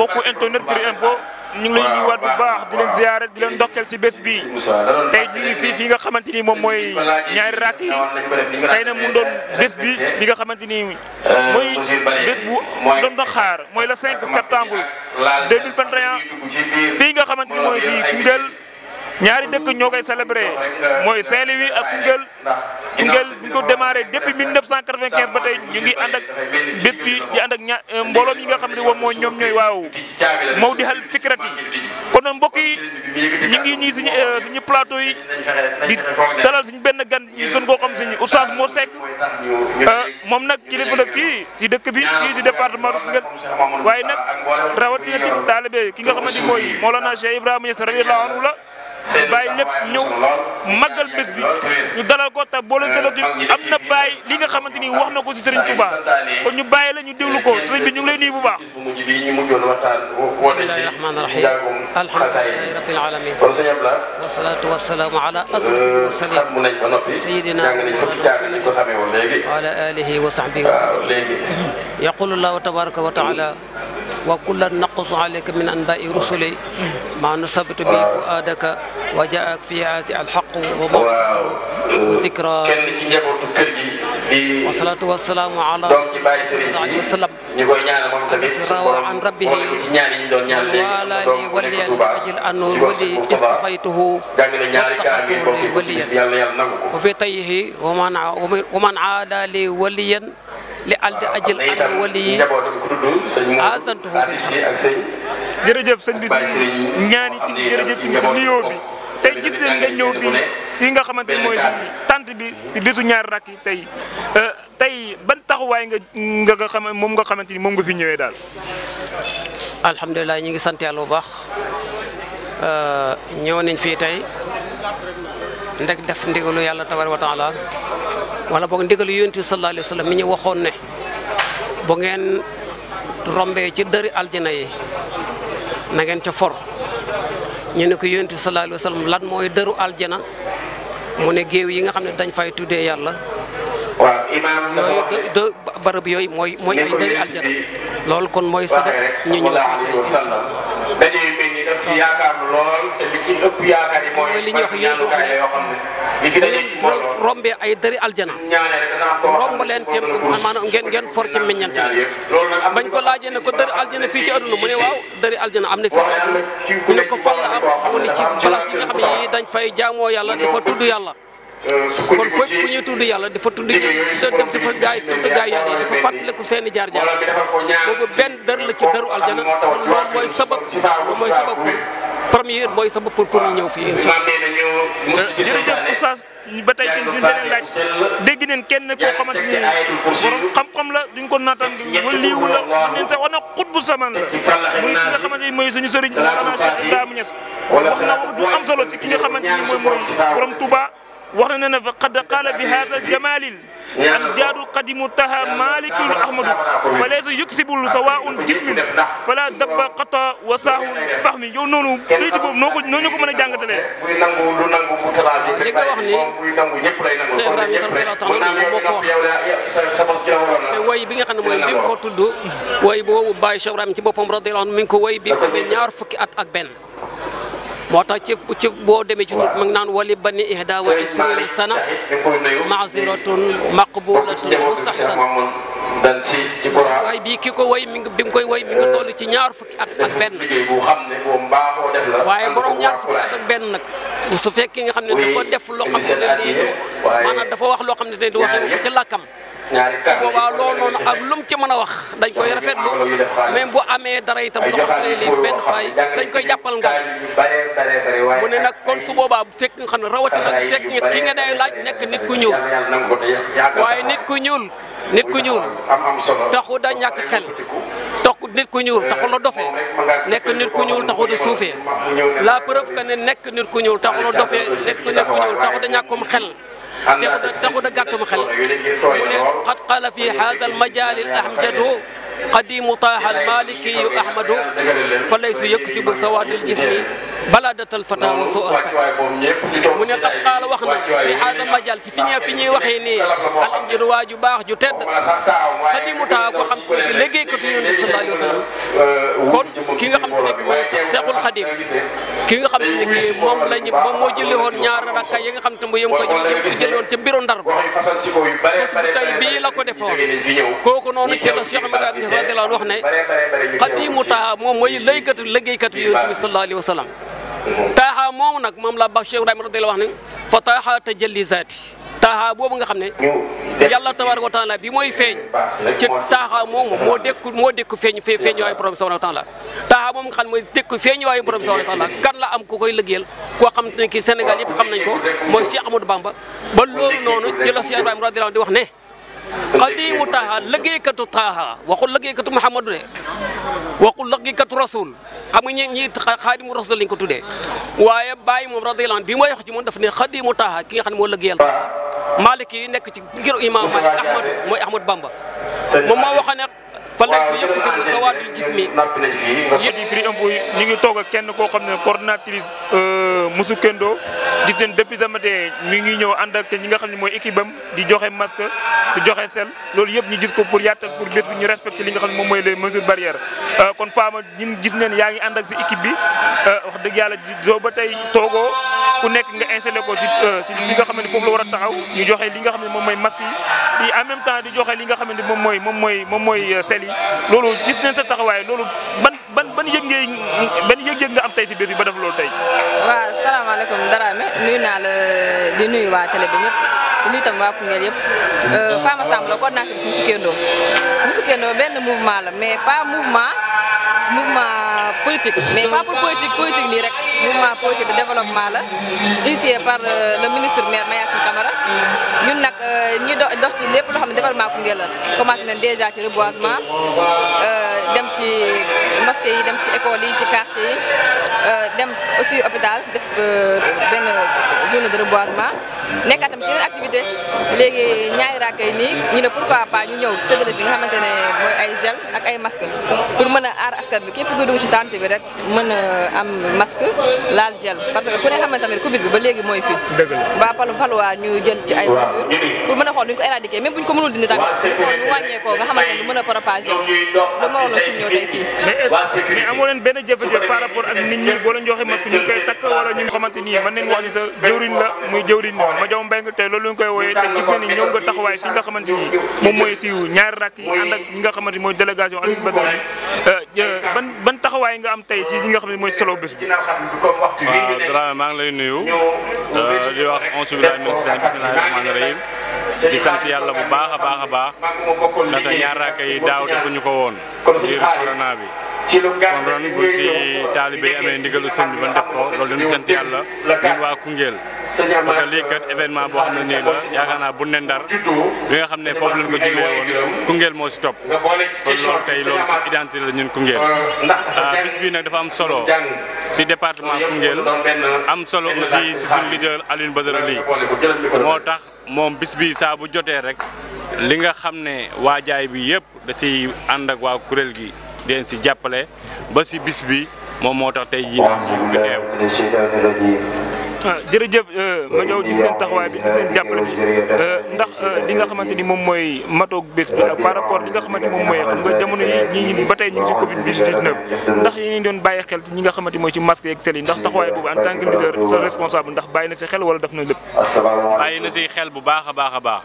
mbokku internet Firi Infos ñu ngi leen nuyuwaat bu baax di leen ziare di si bés tey ñu ngi fii fii nga xamante ni moom mooy ñaari rakk yi tey na mu doon bés bi bi nga xamante ni euh, mooy bés bu doon doon xaar mooy le 5 septembre nga xamante mooy si Koungheul. ñaari dëkk ñoo koy célébré mooy Saint-Louis ak Koungheul Koungheul bu ñu ko démarré depuis 1995 ba tey ñu ngi ànd ak bés bi di ànd ak ña euh, mbooloo yi nga xam ne moom mooy ñoom ñooy waaw moo di xel fikrat yi kon mbokk yi ñu ngi ñii suñu euh, suñu plateau yi di dalal suñu benn gan ñu gën koo xam suñu oustaz moo Seck euh, moom nag kilifa la fii si dëkk bi fii si département Koungheul waaye nag rawatina ci taalibe ki nga xamante ni mooy Mawlana Cheikh Ibrahima Niass radiyallahu anhu la bàyyi lépp ñëw màggal bés bi ko ta boo leen dalatu am na bàyyi li nga xamante ni wax na ko si Serigne Touba kon ñu bàyyi la ñu déglu ko Serigne bi ñu ngi lay nuyu bu baax. bismillahi rahmaani rahim alhamdulillahi rabbil alamin wasalaatu wasalaamu ala asrafil euh, mursalin sayidina wa ala alihi wa sahbihi wa sallam yaqulu llahu tabaraka wa taala وكلا نقص عليك من أنباء رسلي ما نثبت به فؤادك وجاءك في هذه الحق وموعظة وذكرى والصلاة والسلام على الله وسلم الذي روى عن ربه وعلى لي ولي لأجل أن ولي اصطفيته واتخذته لي وليا وفي طيه ومن عاد لي وليا li alde ajël an wali yi jere jeuf seigne bi si ñaani ci jërëjëf ci nuyo bi tay gis len nga ñew bi ci nga xamanteni moy mooy tante bi ci bisu ñaar rak yi euh tay ban taxawaay nga nga nga xam mom nga xamanteni mom nga fi ñewé dal alhamdullilah ñi ngi sante yalla bu baax euh ñew nañ fi tay ndek def ndigalu yalla tawar wa taala wala boog ndigalu yonent bi sallallahu alayhi mi ñu waxoon ne bu ngeen rombee ci dëri aljana yi nangeen ca for ñu ne ko yonent bi sallallahu lan mooy dëru aljana mu ne géew yi nga xam ne dañ fay tuddee yàlla. waaw yooyu de barab yooyu mooy mooy dëri aljana loolu kon mooy sabab ñu ñëw fii tey ci yaakaar lool te li ci ëpp yaakaar yi mooy li ñuy wax ñaanukaay la yoo xam ne li fi dañuy rombee ay dëri aljana romb leen te maanaam ngeen ngeen for ci meññante bañ ko laajee ne ko dëri aljana fii ci àdduna mu ne waaw dëri aljana am na fii ci àdduna mu ne ko fan am mu ci place yi nga xam ne yi dañ fay jaamoo yàlla dafa tudd yàlla Euh, kon foofu fu ñuy tudd yàlla dafa tudd dafa gaay tudd gaay yàlla dafa fàttaliku seen i jaar-jaar boobu benn dër la ci dëru aljana kon loolu mooy sabab loolu mooy sabab première mooy sabab pour pour ñëw fii incha allah. Euh, jërëjëf oustaz ba tey jëm suñu beneen laaj dégg neen kenn koo xamante ni borom xam-xam la ñu ko naataan waliyu la neen wax na xutbu samaan la muy ki nga xamante ni mooy suñu sëriñ Mawlana Cheikh Ibrahima Niass wax na wax du am solo ci ki nga xamante ni mooy mooy borom Touba. ورنا فقد قال بهذا الجمال الأمجاد قديم تها مالك أحمد فليس يكسب سواء جسم فلا دب قطع وساه فهم يونون نجيب نقول نجيب من الجنة تلا way bi nga xamne moy bim ko tuddu way bo baye chebram ci bopam rodi lan min ko way bi ko ben ñaar fukki at ak ben moo tax ci ci boo demee ci tur mu ngi naan wali bani ihda wa isrina sana maziratun maqbulatun mustahsan waay bii ki ko woy mi ngi bi nga koy woy mi ngi toll ci ñaar fukki at ak benn waaye borom ñaar fukki at ak benn nag su fekkee nga xam ne dafa def loo xam ne maanaam wax loo xam ne da waxee ko ci làkkam su boobaa loolu noonu ak lum ci mën a wax dañ koy rafetlu même bu amee dara itam loo xam ne lii benn faay dañ koy jàppal nga mu ne nag kon su boobaa bu fekk nga xam ne rawatina fekk nga ki nga day laaj nekk nit ku ñuul waaye nit ku ñuul nit ku ñuul taxu da ñàkk xel taxu nit ku ñuul taxu la euh, dofee nekk nit ku ñuul taxu da suufee la preuve que ne nekk nit ku ñuul taxu la dofee nekk nit ku ñuul taxu da ñàkkum xel تاخذ تاخذ قد قال في هذا المجال الاحمجد قديم طه المالكي أحمد فليس يكسب سواد الجسم بلادة الفتى وسوء الفهم mu ne qad qaala wax na fi hada majal fi fi ñee fi ñuy waxee nii alam ju waa ju baax ju tedd xadimu taa ko xam ko ne liggéeykatu yonent sallallahu alayhi wa sallam kon ki nga xam te nekk mooy seexul xadim ki nga xam te nekk moom la ñu moom moo jëli woon ñaar rakka yi nga xam te mu yëm ko jëli woon ca biro ndar ba bés bu tey bii la ko defoon kooku noonu ci la Cheikh Ahmad radiyallahu anhu wax ne xadimu taaha moom mooy lëykatu liggéeykatu yonent bi sallallahu alayhi wa sallam taaha moom nag moom la ba Cheikh Ibrahima radiyallahu wax ne fa taaha tajalli zaati taaha boobu nga xam ne yàlla tabaraka wa taala bi mooy feeñ ci taaha moomu moo dékku moo dékku feeñ fe feeñ waayu borom subhanahu wa taala taaha moom nga xam ne mooy dékku feeñ waayu borom subhanahu wa taala kan la am ku koy liggéeyal koo xam te ne kii Sénégal yëpp xam nañ ko mooy Cheikh Amadou Bamba ba loolu noonu ci la Cheikh Ibrahima radiyallahu di wax ne xadimu taaha liggéeykatu taaha waxul liggéeykatu Muhammadu de waxul liggéeykatu rasul xam nga ñi ñi xaadimu rasul lañ ko tuddee waaye Baye moom radiyallahu anhu bi mooy wax ci moom daf ne xadimu taaha ki nga xam ne moo liggéeyal Maalik yi nekk ci ngir imam Maalik Ahmad mooy Ahmad Bamba moom moo waxoon ne fa lañ fa yëpp sa sawaatul gis mi ñu ngi toog kenn koo xam ne coordinatrice euh, Moussa Kendo gis leen depuis ce matin ngi ñëw ànd ak ñi nga xam ne mooy équipe am di joxe masque di joxe sel loolu yëpp ñu gis ko pour yaatal pour bés ñu respecté li nga xam ne moom mooy les mesures barrières euh, kon Fama ñun gis neen yaa ngi ànd ak si équipe bi euh, wax dëgg yàlla soo ba tey toogoo ku nekk nga installé ko si si li nga xam ne foofu la war a taxaw ñu joxe li nga xam ne moom mooy masque yi en même temps di joxe li nga xam ne moom mooy moom mooy moom loolu gis nañ sa taxawaay loolu ban ban ban yëg ngay yëg nga am tey si bés bi ba def loolu tey. waaw salaamaaleykum Darame nuyu naa la di nuyu waa télé bi ñëpp di nuyu tam waa Koungheul yëpp euh, Fama Samb la coordinatrice Moussou Kendo Moussou Kendo benn mouvement la mais pas mouvement mouvement politique mais pas pour politique politique nii rek mouvement politique de la initié par euh, le ministre maire Mayacine Camara ñun Euh, ñu dox ci lépp loo xam ne département Koungheul la commencé nañ déjà ci reboisement euh, dem ci mosquée yi dem ci école yi ci quartier yi euh, dem aussi hôpital def euh, benn journée de reboisement nekk atam ci yeneen activité léegi ñaari raaka yi nii ñu ne pourquoi pas ñu ñëw séddale fi nga xamante ne mooy ay gel ak ay masque pour mën a aar askan bi képp ku dugg ci tente bi rek mën a am masque laal gel parce que ku ne xamante tamit Covid bi ba léegi mooy fi ba pal falwaa ñu jël ci ay mesures pour mën a xool duñ ko éradiquer même buñ ko mënul dindi tamit ñu ko nga xamante ni du mën a propager soxla suñu ñëw tey fii mais amoo leen benn jafe-jafe par rapport ak nit ñi boo leen joxee masque ñu koy takk wala ñu xamante nii mën neen wax ni sa jëwriñ la muy jëwriñ la ma jow mbéy tey loolu ñu koy wooyee te gis na ni ñëw nga taxawaay fi nga xamante nii moom mooy siiw ñaari rakk yi ànd ak ñi nga xamante ni mooy délégation Alioune Badara bi euh, euh, ban ban taxawaay nga am tey si li nga xam ne mooy solo bis bi waaw maa ngi lay nuyu euh, di wax di sant yàlla bu baax a baax a baax ndaxte ñaar raaka yi daaw defuñu ko woon ngir corona bi ci lu gàtt kon ron bu ci taalibe yi amee ndigalu sëñ bi ban def loolu dañu sant yàlla ñun waa Koungheul parce boo xam ne nii la yaakaar naa bu ne Ndar bi nga xam ne foofu lañ ko jullee woon Koungheul moo si topp kon loolu tey la ñun Koungheul ah, bis bii nag dafa am solo si département Koungheul am solo aussi si suñu leader Alioune Badara Ly moo tax moom bis bi saa bu jotee rek li nga xam ne waajaay bi yëpp da si ànd ak waa kuréel gi di si jàppale ba si bis bi moom moo tax tey jii fi teew ah jërëjëf euh, Madiaw gis taxawaay bi gis nañ jàppale bi euh, ndax euh, li nga xamante ni moom mooy matoog bés bi par rapport li nga moom mooy xam nga jamono yi ñi ba tey xel ci ñi nga xamanti ni mooy ci masque yeeg sel yi ndax taxawaay boobu en tant que leader sa responsable ndax bàyyi na si xel wala na lépp. bàyyi na si xel bu baax a baax a baax.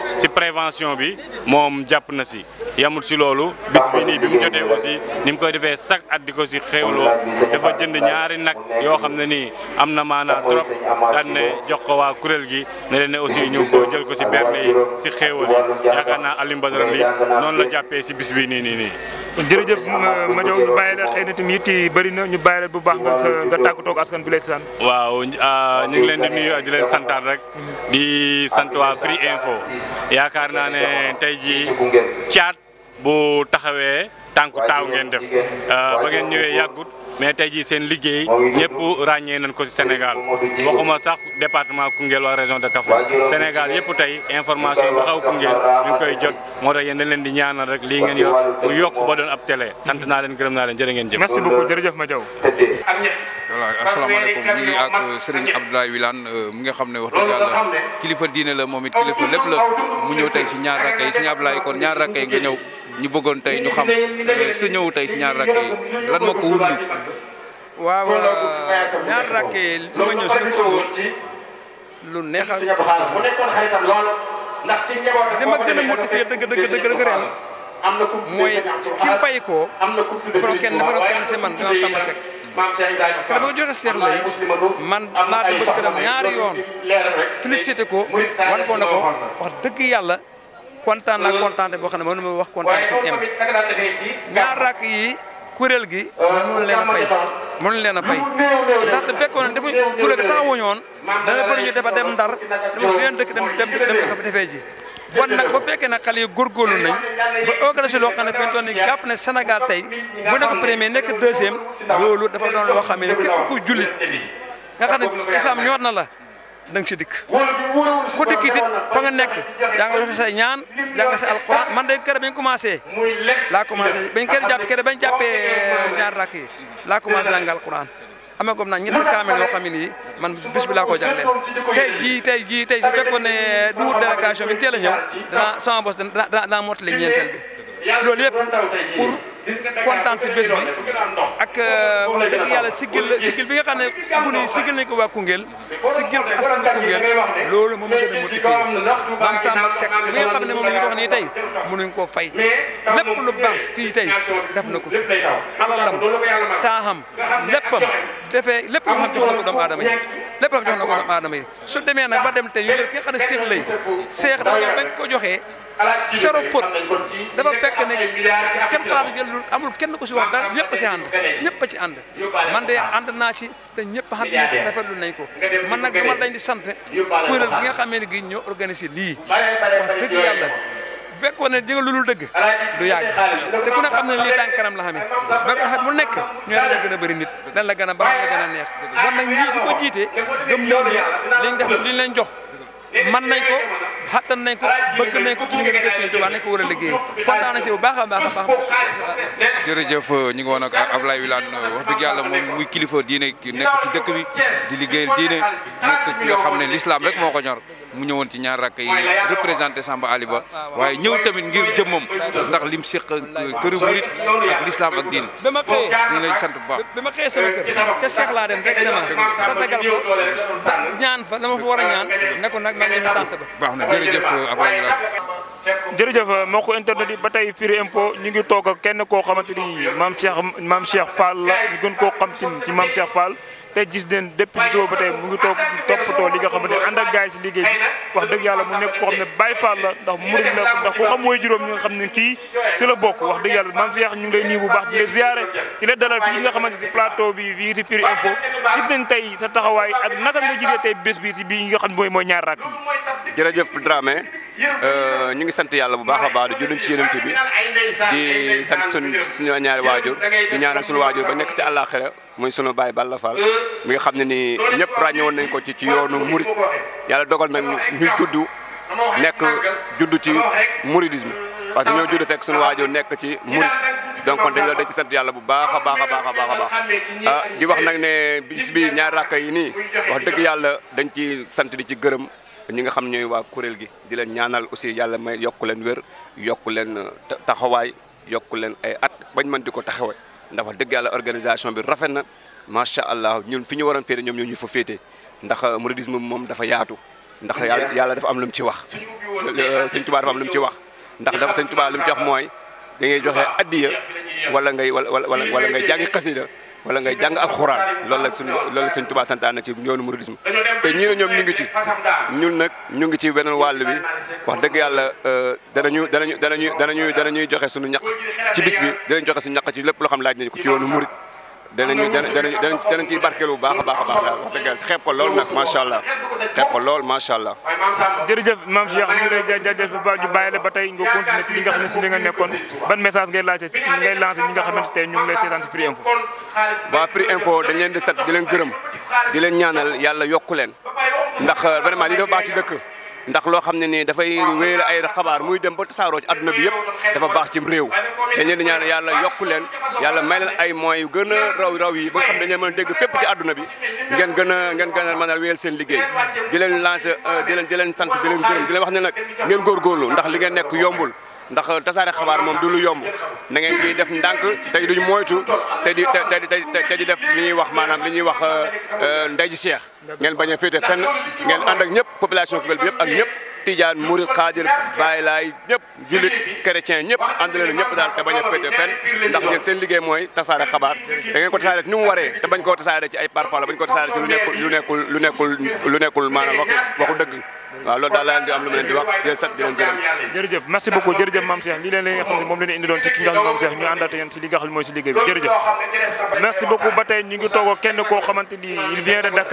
ci prévention bi moom jàpp na si yamut si loolu bis bi nii bi mu jotee aussi ni mu koy defee chaque at di ko si xéewloo dafa jënd ñaari nag yoo xam ne nii am na maanaa trop daan ne jox ko waa kuréel gi ne leen aussi ñu ko jël ko si berne yi si xéewal yi yaakaar naa Alioune Badara la jàppee si bis nii nii nii. jërëjëf Madiaw ñu bàyyi la xëy na tamit it yi ñu bàyyi la bu baax nga nga tàggatoo askan bi lay sant. waaw ah, ñu ngi leen di nuyu di leen rek di sant waa Firi Info yaakaar naa ne tey jii caat. bu taxawee tànku taaw ngeen def euh, ba ngeen ñëwee yàggut mais tey jii seen liggéey ñëpp ràññee nañ ko ci Sénégal waxuma sax département Koungheul waa région de Kaffrine Sénégal yëpp tey information bu xaw Koungheul ñu ngi jot moo tax leen di ñaanal rek lii ngeen yor mu yokk ba ab télé sant naa leen gërëm naa leen ngeen jëf. merci beaucoup jërëjëf ma jaw voilà asalaamaaleykum ñu ngi ak euh, Serigne Abdoulaye Wilane euh, nga xam ne wax dëgg yàlla kilifa diine la moom kilifa lépp la mu ñëw tey si ñaar rakk yi Serigne Abdoulaye kon ñaar rakk nga ñu bëggoon tey ñu xam sa ñëw tey si ñaar rakk yi lan moo ko wundu waaw ñaar rakk yi sama ñëw si li ko lu neexal li ma gën a motivé dëgg dëgg dëgg dëgg ren mooy ci mbay ko dafa kenn dafa kenn si man dama sàmm sekk kër ba nga joxe seex lay man maa dama këram ñaari yoon félicité ko wan ko ne ko wax dëgg yàlla kontaan naa kontaante boo xam ne mënu ma wax kontaan fi mu ñaar rakk yi kuréel gi mënu leen a fay mënu leen a fay ndaxte fekkoon ne defuñ kuréel gi taxawuñu woon dana bëri ñu dafa dem ndar dama dem dem dëkk defee ji kon nag bu fekkee nag xale yi góorgóorlu nañ ba organisé loo xam ne fi mu toll nii jàpp ne Sénégal tey bu nekk premier nekk deuxième loolu dafa doon loo xam ne képp ku jullit nga xam ne islam ñor na la da nga si dikk ku dikk it fa nga nekk yaa nga joxe say ñaan yaa nga sa alquran man day kër bañ commencé laa commencé bañ kër jàpp kër bañ jàppee ñaar rakk yi laa commencé jàng alquran amee comme nag ñetti kaamel yoo xam ne man bis bi laa tey jii tey jii tey su fekkoon ne duur délégation bi teel a ñëw bos danaa danaa mottali ñeenteel bi loolu yëpp pour. kontaan si bés bi ak euh, wax dëgg yàlla sigil sigil bi nga xam ne bu ni sigil nañ ko waa Koungheul sigil ko askan bi loolu moom gën a motivé maam Samba Seck mi nga xam ne moom la ñu nii tey mënuñ koo fay lépp lu baax fii tey def na ko fi alalam taaxam léppam defee lépp lu xam jox na ko doomu aadama yi lépp xam jox na ko doomu aadama yi su demee nag ba dem tey ñu jël xam ne seex lay seex dafa bañ ko joxee sero fóot dafa fekk ne kenn xalaatu jël lu amul kenn ko si wax dara ñëpp si ànd ñëpp a ci ànd man de ànd naa si te ñëpp xam nañ ko rafetlu nañ ko man nag dama dañ di sant kuréel gi nga xamee ne gi ñoo organisé lii wax dëgg yàlla bu fekkoon ne jënga lulul dëgg du yàgg te ku ne xam ne lii daan kanam la xamee ba nga xam mu nekk ñooy la gën a bëri nit lan la gën a baax la gën a neex kon nag ñii di ko jiite gëm nañ ne liñ def liñ leen jox man nañ ko xattan nañ ko bëgg nañ ko ci li nga liggéey Sëriñ Tuubaa nañ ko war a liggéey kontaan si bu baax a baax a jërëjëf ñu ngi woon ak Ablaye Wilane wax dëgg yàlla moom muy kilifa diine nekk ci dëkk bi di liggéeyal diine nekk ci nga xam ne l'islam rek moo ko ñor mu ñëwoon ci ñaar rak yi représenter Samba Ali Ba waye ñëw tamit ngir jëmum ndax lim séq euh, këru murit ak l'islam ak diin bima ma ñu lay sant bu baax bima ma sama kër ci Cheikh la dem rek dama tatagal ko ñaan fa dama fa wara ñaan ne ko nak ma ngi fa ba baax na euh, abou Abdoulaye jërëjëf euh, moo internet yi ba tey Firi impo ñu ngi toog ak kenn ko xamanteni mam Cheikh mam Cheikh Fall ñu gën ko xam ci mam Cheikh Fall te gis neen depuis soo ba tey mu ngi toog toppatoo li nga xamante ne ànd ak gars yi si liggéey bi wax dëgg yàlla mu nekk koo xam ne Baay Faal la ndax murid la ndax ku xam mooy juróom ñi nga xam ne kii si la bokk wax dëgg yàlla maam Cheikh ñu nga lay nuyu bu baax di la ziare di la dalal fii nga xamante si plateau bi fii si Firi Info gis tey sa taxawaay ak naka nga gisee tey bés bi si bii nga xam ne mooy mooy ñaar rakk yi jërëjëf Dramé Euh, ñu ngi sant yàlla bu baax a baax di julluñ ci yonent bi di sant suñ suñu ñaari waajur di ñaanal suñu waajur ba nekk ci àllaaxira muy sunu baay Balla Fall mi xam ne nii ñëpp ràññewoon nañ ko ci ci yoonu murit yàlla dogal nag ñuy juddu nekk juddu ci muridisme parce que ñoo juddu fekk suñu waajur nekk ci murit donc dañ la dañ ci sant yàlla bu baax a baax a baax a baax a baax ah wax nag ne bis bi rakk yi nii wax dëgg yàlla dañ ci sant di ci gërëm ñi nga xam ñooy waa kuréel gi di leen ñaanal aussi yàlla may yokk leen wér yokku leen euh, taxawaay yokku leen ay at bañ mën di ko taxawee ndax wax dëgg yàlla organisation bi rafet na macha allah ñun fi ñu waroon féete ñoom ñoo ñu fa féete ndax euh, mouridisme moom dafa yaatu ndax yàlla yàlla dafa am lu mu ci wax euh, sëñ Tuubaa dafa am lu mu ci wax ndax dafa sëñ Tuubaa lu ci wax mooy da ngay joxe addiya wala ngay wala wala ngay jàngi xasida wala ngay jàng alxuraan loolu la suñu loolu la suñ Tuubaa santaane ci yoonu muridisme te ñii ñoom ñu ngi ci ñun nag ñu ngi ci beneen wàll bi wax dëgg yàlla eh, danañu danañu danañu danañuy danañuy joxe suñu ñaq ci bis bi danañ joxe suñu ñaq ci lépp loo xam laaj nañu ko ci yoonu murid danañu danañu danañ ciy baax a baax baax wax dëgg yàlla xeeb ko lool nag macha allah xeeb ko lool macha allah. ba tey nga continuer ci li nga xam ne si li nga nekkoon ban message ngay lancé ngay lancé ñi nga xamante tey ñu ngi lay seetaan ci Firi Info. waa Firi Info dañ leen di sant di leen gërëm di leen ñaanal yàlla yokku leen ndax euh, vraiment li dafa baax ci dëkk. ndax loo xam ne nii dafay wéyal ay xabaar muy dem ba tasaaroo ci bi yëpp dafa baax ci réew dañ leen di ñaan yàlla yokk leen yàlla may leen ay moyens yu gën raw raw yi ba xam ne dañu ma a dégg fépp ci àdduna bi ngeen gën a ngeen gën a mën a wéyal seen liggéey di leen lancer euh, di leen di leen sant di leen gërëm di leen wax ne nag ngeen góorgóorlu ndax li ngeen nekk yombul ndax tasaare xabaar moom du lu yomb na ngeen ciy def ndànk tey duñ moytu te di te te di def li ñuy wax maanaam li ñuy wax ndey ji seex ngeen bañ a féete fenn ngeen ànd ak ñëpp population Koungheul bi yëpp ak ñëpp tijaan murid xaadir bàyyi laay ñëpp jullit chrétien ñëpp ànd leen ñëpp daal te bañ a féete ndax yéen seen liggéey mooy tasaare xabaar da ngeen ko tasaare ni waree te bañ koo tasaare ci ay parpala bañ ko tasaare ci lu nekkul lu nekkul lu nekkul lu nekkul maanaam waxu waxu dëgg waaw loolu daal laa leen di am lu ma leen di wax di leen sant di leen gërëm jërëjëf merci lii leen la nga xam moom bi jërëjëf merci beaucoup ba tey ñu ngi toog kenn ni il vient bi nga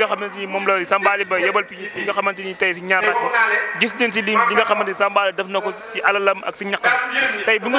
xamante ni moom la Samba Ba yebal fii fi nga xamante ni tey ci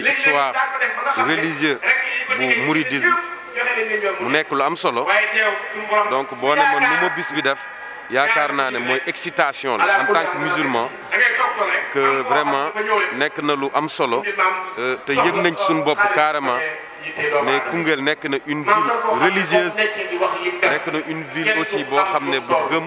ci soir religieux bu mouridisme mu nekk lu am solo donc boo ne ma nu ma bis bi def yaakaar naa ne excitation en tant que musulman que vraiment nekk na lu am solo euh, te yëg nañ suñu bopp carrément ne kungel nekk na une ville religieuse nekk na une ville aussi boo xam ne bu gëm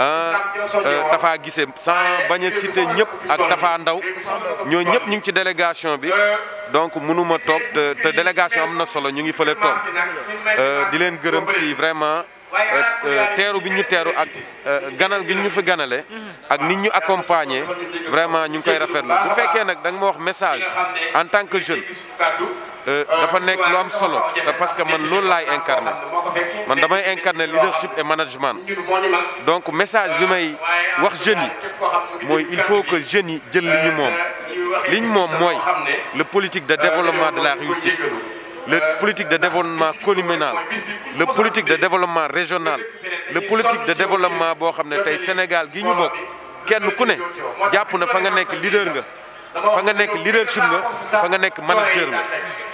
Euh, Tafa Guissé sans bañ a citer ñëpp ak Tafa Ndaw ñoo ñëpp ñu ci délégation bi donc mënuma tok te délégation amna solo ñu ngi feulé tok euh di leen gërëm ci vraiment euh, euh, teeru bi ñu teeru ak ganal gi ñu fi ganalé ak nit ñu accompagner vraiment ñu ngi koy rafetlu bu féké nak da nga wax message en tant que jeune euh, euh, dafa nekk lu am solo euh, parce que man loolu incarné man damay incarné leadership et management donc message bi may wax jeunes yi il faut que jeunes djel jël mom liñ mom moy le politique de développement de la réussite le politique de développement communal le politique de développement régional le politique de développement bo xamné tay Sénégal gi ñu bok kenn ku ne japp na fa nga nek leader nga fa nga leadership manager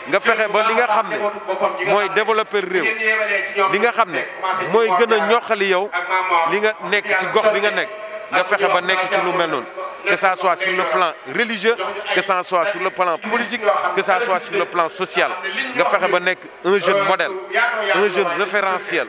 nga ba li nga développeur li nga yow li nga ci gox bi nga nga que ça soit sur le plan religieux que ça soit sur le plan politique que ça soit sur le plan social nga fexe ba un jeune modèle un jeune référentiel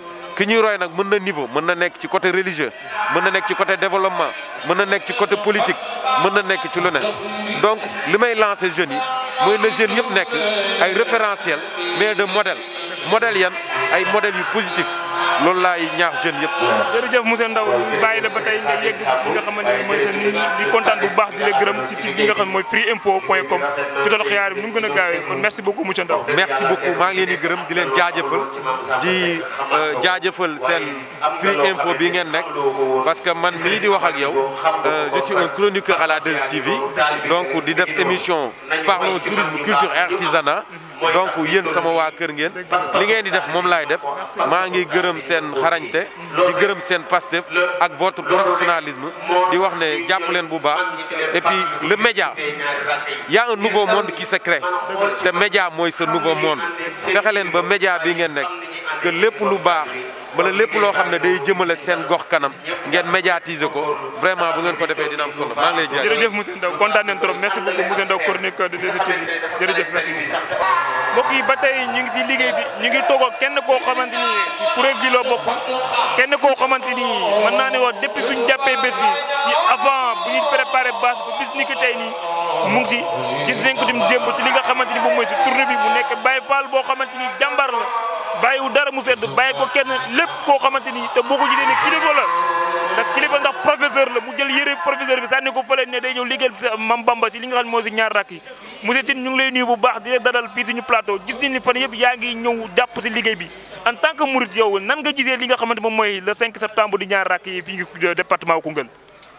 ki ñuy roy niveau côté religieux côté développement du côté politique donc le lancer, jeunes référentiel mais de modèle modèle modèles positif loolu laay ñaax jeunes yëpp. jërëjëf monsieur Ndao ñu bàyyi la ba tey nga yegg si mooy seen nit ñi di kontaan bu baax di la gërëm si site bi nga xam mooy freiinfos.com ci doon xiyaar bi nu mu gën maa ngi leen di gërëm di leen jaajëfal di euh, jaajëfal seen freiinfos bi ngeen nekk parce que man mii di wax ak yow euh, je suis un chroniqueur à la 2STV donc di def émission parlons tourisme culture et artisanat donc yéen sama waa kër ngeen li ngeen di def moom laay def maa ngi gërëm. gërëm seen xarañte di gërëm seen pastef ak votre professionnalisme di wax ne japp leen bu baax et puis le média y a un nouveau monde qui se crée te média mooy ce nouveau monde fexe leen ba média bi ngeen nek que lépp lu baax wala lépp loo xam ne day jëmale seen gox kanam ngeen médiatiser ko vraiment bu ngeen ko defee dina am solo maa ngi lay jaajëf. jërëjëf monsieur Ndao kontaan nañ trop merci beaucoup monsieur Ndao chroniqueur de 2STV jërëjëf merci beaucoup. mbokk yi ba tey ñu ngi ci liggéey bi ñu ngi toog kenn koo xamante ni ci kuréel gi loo bokk kenn koo xamante ni mën naa ne wax depuis bu ñu jàppee bés bi ci avant bu ñuy préparé base bu gis ni ki tey nii mu ngi ci gis nañ ku tamit démb ci li nga xamante ni moom mooy ci tournée bi mu nekk Baye Fall boo xamante ni jàmbar la. bàyyiwu dara mu sedd bàyyi ko kenn lépp koo xamante ni te boo ko gisee ne kilifa la ndax kilifa ndax professeur la mu jël yére professeur bi sànni ko fële ne day ñëw liggéeyal mam bamba ci li nga xam ne moo si ñaar rakk yi monsieur Tine ñu ngi lay nuyu bu baax di dalal fii suñu plateau gis nañ ni fan yëpp yaa ngi ñëw jàpp si liggéey bi en tant que murid yow nan nga gisee li nga xamante moom mooy le 5 septembre di ñaar rakk yi fii euh, ngi département Koungheul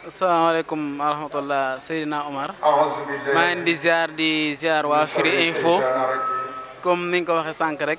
di ziar comme ni nga ko waxee sànq rek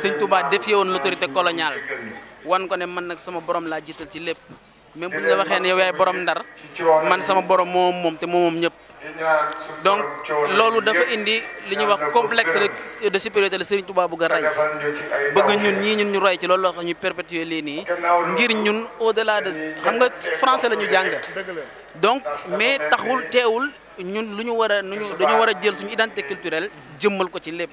sëñ Touba défié woon l'autorité coloniale wan ko ne man nag sama borom laa jiital ci lépp même bu ñu la waxee ne yow yaay borom ndar man sama borom moom moom te moom moom ñëpp. donc loolu dafa indi li ñuy wax complexe de supériorité la Serigne Touba bëgg a rey bëgg ñun ñii ñun ñu roy ci loolu loo tax ñu perpétuer lii nii ngir ñun au delà de xam nga français la ñu jàng donc mais taxul teewul ñun lu ñu war a nu ñu dañu war a jël suñu identité culturel jëmmal ko ci lepp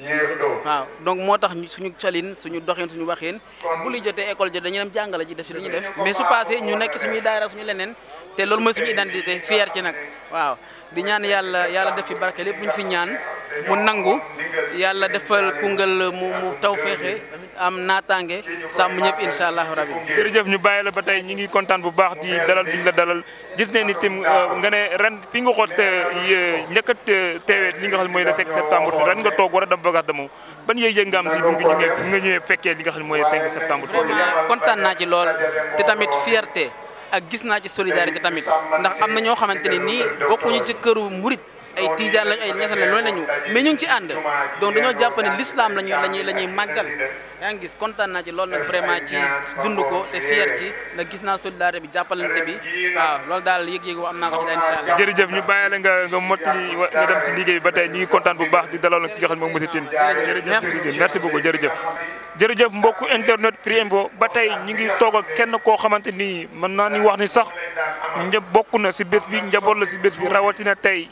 waaw donc motax suñu colin suñu doxine suñu waxine bu li jotté école jo dañu dem jàngale ji def ci dañu def mais su passé ñu nekk suñu daara suñu lenen té lool mooy suñu identité fier ci nak waaw di ñaan yalla yalla def fi barke lepp buñ fi ñaan mu nangu yalla defal Koungheul mu mu tawfexé am naataange sam ñep inshallah rabbi rabi. jëf ñu bayila ba ngi contane bu baax di dalal bi la dalal gis ne ni tim euh, nga ne ren fi nga xot njëkk a euh, li nga xal moy le 7 septembre fan nga toog war a dem bagage damu ban yëg-yëg nga si bi nga ñëwee fekkee li nga xam ne mooy 5 septembre. vraiment kontaan naa ci lool te tamit fierté a gis naa ci solidarité tamit ndax am na ñoo xamante ne nii bokkuñu ci këru murit ay tijaan lañ ay ñasan lañ loolu lañu ñu ngi ci ànd donc dañoo jàpp ne l'islam lañuy lañuy la ñuy màggal yaa ngi gis kontaan ci loolu nag vraiment ci dund ko te fier ci nag gis naa solidarité bi jàppalante bi waaw loolu daal yëg-yëg am naa ko ci daal incha allah jërëjëf ñu bàyyi la nga nga mottali nga dem si liggéey ba tey ñu ngi kontaan bu baax di dalal ak ki nga xam ne moom monsieur Tine jërëjëf merci beaucoup jërëjëf jërëjëf mbokku internet Prix ba tey ñu ngi toog ak kenn koo xamante nii mën naa ni wax ni sax ñëpp bokk na si bés bi njaboot la si bés bi rawatina tey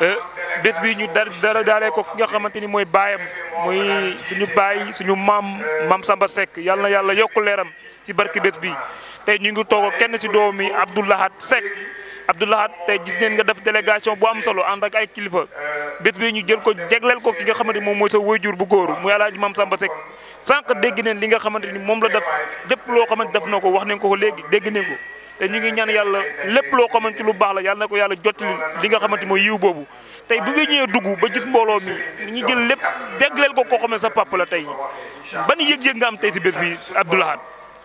Euh, bés bi ñu dara daalee ko ki nga xamante ni mooy baayam muy suñu baay suñu maam maam Samba Seck yàlla na yàlla yokk leeram ci barki bés bi te ñu ngi toog kenn si doomi Abdou Lahad Seck Abdou Lahad tey gis neen nga def délégation bu am solo ànd ak ay kilifa bés bi ñu jël ko jegleel ko ki nga xamante moom mooy sa wayjur bu góor muy alaaji maam Samba Seck sànq dégg neen li nga xamante ni moom la def lépp loo xamante daf na ko wax nañ ko ko léegi dégg nañ ko te ñu ngi ñaan yàlla lépp loo xamante lu baax la yàlla na ko yàlla jottali li nga xamante mooy yiw boobu tey bu nga ñëwee dugg ba gis mbooloo mi ñu jël lépp dégleel ko koo xam ne sa papa la tey ban yëg-yëg nga am tey si biir bi Abdou Lahad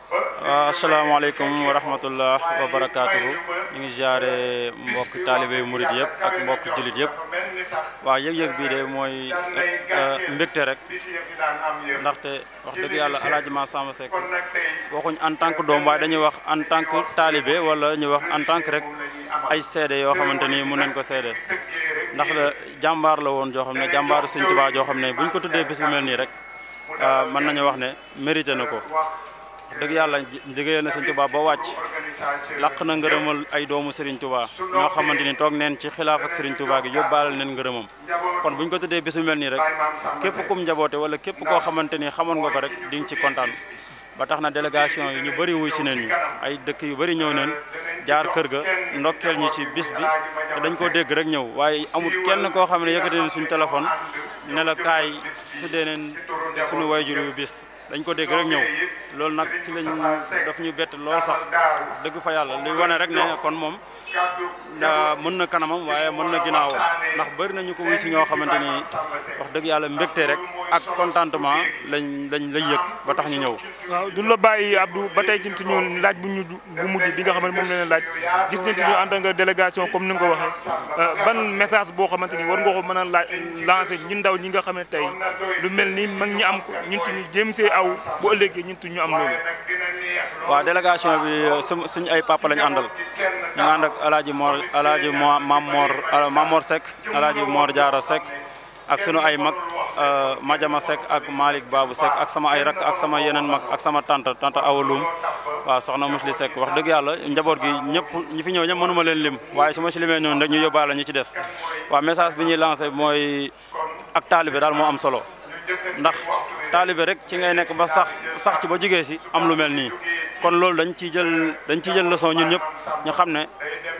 waaw ah, asalaamaaleykum wa rahmatullah wa ñu ngi jaare mbokk taalibe murit yëpp ak mbokk jullit yëpp waaw yëg-yëg bii de mooy eh, eh, mbégte rek ndaxte wax dëgg yàlla alaaji ma Samba Seck waxuñ en tant doom waaye dañuy wax en tant que taalibe wala ñu wax en tant que rek ay seede yoo xamante nii mun nañ ko seede ndax jàmbaar la woon joo xam ne jàmbaaru Sëñ Tuubaa joo xam ne buñ ko tuddee bis mel nii rek ah, mën nañu wax ne mérité na ko wax dëgg yàlla liggéeyal na Serigne Touba ba wàcc laq na ngërëmal ay doomu Serigne Touba ñoo xamante ni toog neen ci xilaaf ak Serigne Touba gi yóbbaale neen ngërëmam kon bu ñu ko tëddee bisu mel nii rek képp kum njaboote wala képp koo xamante ni xamoon nga ko rek di nga ci kontaan ba tax na délégation yi ñu wuy si neen ñu ay dëkk yu bëri ñëw neen jaar kër ga ndokkeel ñu ci bis bi te dañ koo dégg rek ñëw waaye amul kenn koo xam ne yëkkati neen suñu téléphone ne la kaay tuddee neen suñu wayjur yu bis dañ ko dégg rek ñëw loolu nag ci lañ daf ñu bett lool sax dëgg fa yàlla luy wane rek ne kon moom mën na kanamam waaye mën na ginnaawam ndax bëri nañu ko wuy si ñoo xamante ni wax dëgg yàlla mbégte rek ak contentement lañ lañ lay yëg ba tax ñu ñëw waaw duñ la bàyyi Abdou ba tey ci ñu laaj bu ñu bu mujj bi nga xamante moom la leen laaj gis nañ ci ñu en tant que comme ni nga ko waxee euh, ban message boo xamante ni war nga ko mën a laaj lancé ñun ndaw ñi nga xam ne tey lu mel nii mag ñi am ko ñun ñu jéem see aw bu ëllëgee ñun ñu am loolu waaw délégation bi euh, suñ ay papa lañ àndal alaaji Mor alaaji Mam Mor euh, Mam Mor Seck alaaji Mor Diarra Seck ak sunu ay mag euh, Madiama Seck ak Malick baabu Seck ak sama ay rakk ak sama yeneen mag ak sama tante tante awalum waaw soxna Musli Seck wax dëgg yàlla njaboot gi ñëpp ñi fi ñëw ñëpp mënuma leen lim waaye su ma si limee noonu rek ñu yóbbaale ñu ci des waa message bi ñuy lancé mooy ak taalibe daal moo am solo ndax taalibe rek ci ngay nekk ba sax sax ci ba jigee si am lu mel nii kon loolu dañ ciy jël dañ ciy jël leçon ñun ñëpp ñu xam ne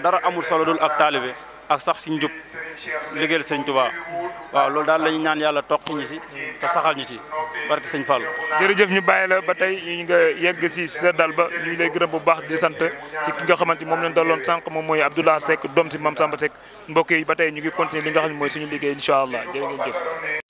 dara amul solo dul ak taalibe ak sax si njub liggéeyal sëñ Tuubaa waaw loolu daal la ñu ñaan yàlla toq ñi si te saxal ñu si barke sëñ Fall. jërëjëf ñu bàyyi la ba tey ñu nga yegg si sa dal ba ñu lay gërëm bu baax di sant ci ki nga xamante moom lañ daloon sànq moom mooy Abdoulaye Seck doom si Mame Samba Seck mbokk yi ba tey ñu ngi continuer li nga xam ne mooy suñu liggéey incha allah jërë ngeen jëf.